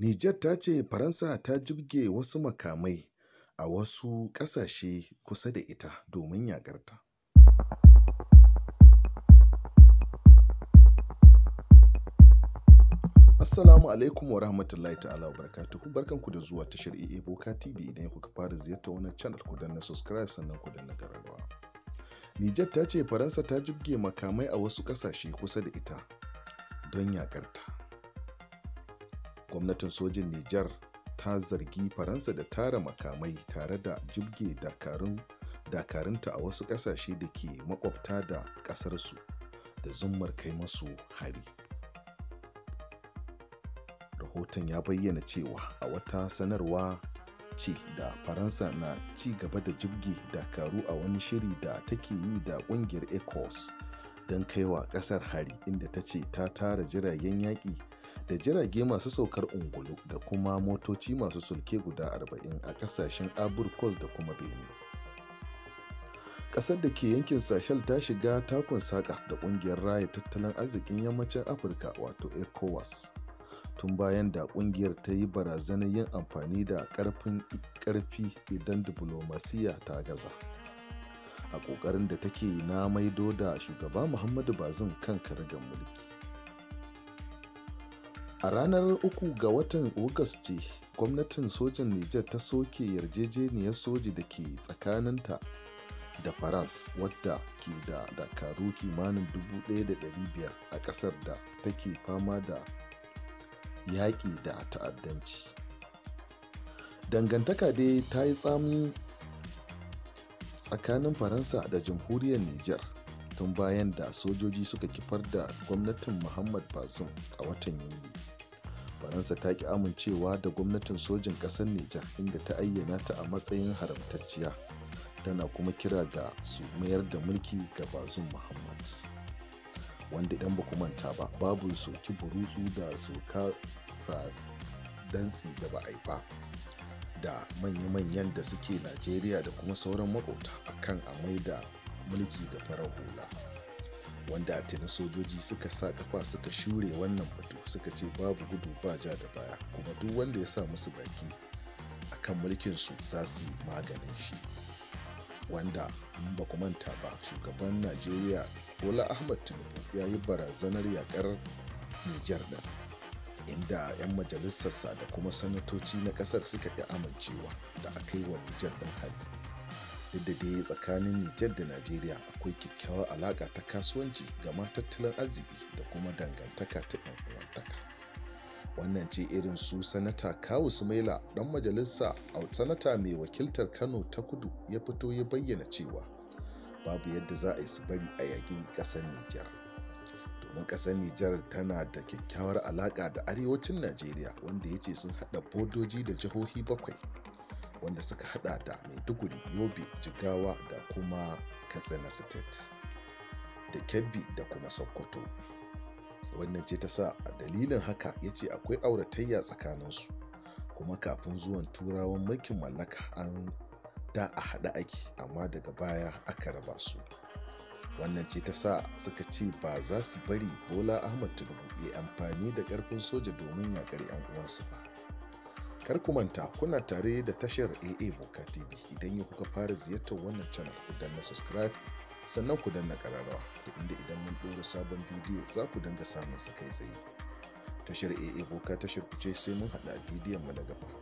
Nijar ta ce Faransa ta jibge wasu makamai a wasu ƙasashe kusa da ita domin yaƙarta. ta. Assalamu alaikum wa rahmatullahi ta'ala wa barakatuhu barkanku da zuwa tashar EA Boka TV idan kuka fara ziyarta wannan channel ku danna subscribe sannan ku danna kararrawa. Nijar ta ce Faransa ta jibge makamai a wasu ƙasashe kusa da ita don yaƙarta. ta. gwamnatin sojin nijar ta zargi faransa da tara makamai tare da jibge dakarun dakarunta a wasu ƙasashe da ke makwabta da ƙasarsu da zumar kai masu hari rahoton ya bayyana cewa a wata sanarwa ce da faransa na ci gaba da jibge dakaru a wani shiri da take yi da ƙungiyar ecos don kaiwa ƙasar hari inda ta ce ta tara jiragen yaƙi da jirage masu saukar ungulu da kuma motoci masu sulke guda 40 a kasashen aburkos da kuma benin kasar da ke yankin sashel ta shiga takun saka da kungiyar raya tattalin arzikin yammacin afirka wato ecowas tun bayan da kungiyar ta yi barazanar yin amfani da karfin karfi idan diplomasiya ta gaza a kokarin da take na maido da shugaba muhammadu bazin kan karagar mulki a ranar 3 ga watan Agusti, ce gwamnatin sojan Nijar ta soke yarjejeniyar soji da ke tsakaninta da faras wadda ke da dakaru kimanin 1,500 a kasar da take fama da yaƙi da ta'addanci dangantaka dai ta yi tsami tsakanin faransa da jamhuriyar niger tun bayan da sojoji suka kifar da gwamnatin muhammad basum a watan yuli faransa ta ki amincewa da gwamnatin sojin ƙasar nijar inda ta ayyana ta a matsayin haramtacciya tana kuma kira da su mayar da mulki ga bazum muhammad wanda idan ba manta ba babu soki burutsu da soka sa dantsi da ba a yi ba da manya-manyan da suke najeriya da kuma sauran makota akan a mai da mulki ga farar hula wanda tuni sojoji suka sa kafa suka shure wannan batu suka ce babu gudu ba ja da baya kuma duk wanda ya sa musu baki kan mulkin su za su yi maganin shi wanda in ba ku manta ba shugaban najeriya bola ahmad tinubu ya yi barazanar yakar nijar din inda 'yan majalisarsa da kuma sanatoci na kasar suka ƙi amincewa da aka yi wa nijar din hali duk da dai tsakanin nijar da najeriya akwai kyakkyawar alaƙa ta kasuwanci ga tattalin arziki da kuma dangantaka ta uwantaka wannan ce irin su sanata kawu sumaila ɗan majalisa a sanata mai wakiltar kano ta kudu ya fito ya bayyana cewa babu yadda za a yi su bari a yaƙi ƙasar nijar domin ƙasar nijar tana da kyakkyawar alaƙa da arewacin najeriya wanda ya ce sun haɗa bodoji da jihohi bakwai wanda suka hada da maiduguri yobe jigawa da kuma katsina state da kebbi da kuma sokoto wannan ce ta sa dalilin haka ya ce akwai auratayya tsakaninsu kuma kafin zuwan turawan mulkin mallaka an da a haɗa ake amma daga baya aka raba su wannan ce ta sa suka ce ba za su bari bola ahmad tinubu ya amfani da karfin soja domin yaƙar 'yan uwansu ba kar ku manta kuna tare da tashar aa boka tv idan yi kuka fara ziyartar wannan channel ku danna subscribe sannan ku danna kararrawa da inda idan mun ɗora sabon bidiyo za ku dinga samun sa kai tsaye tashar aa boka tashar ku ce sai mun haɗa bidiyon mu na gaba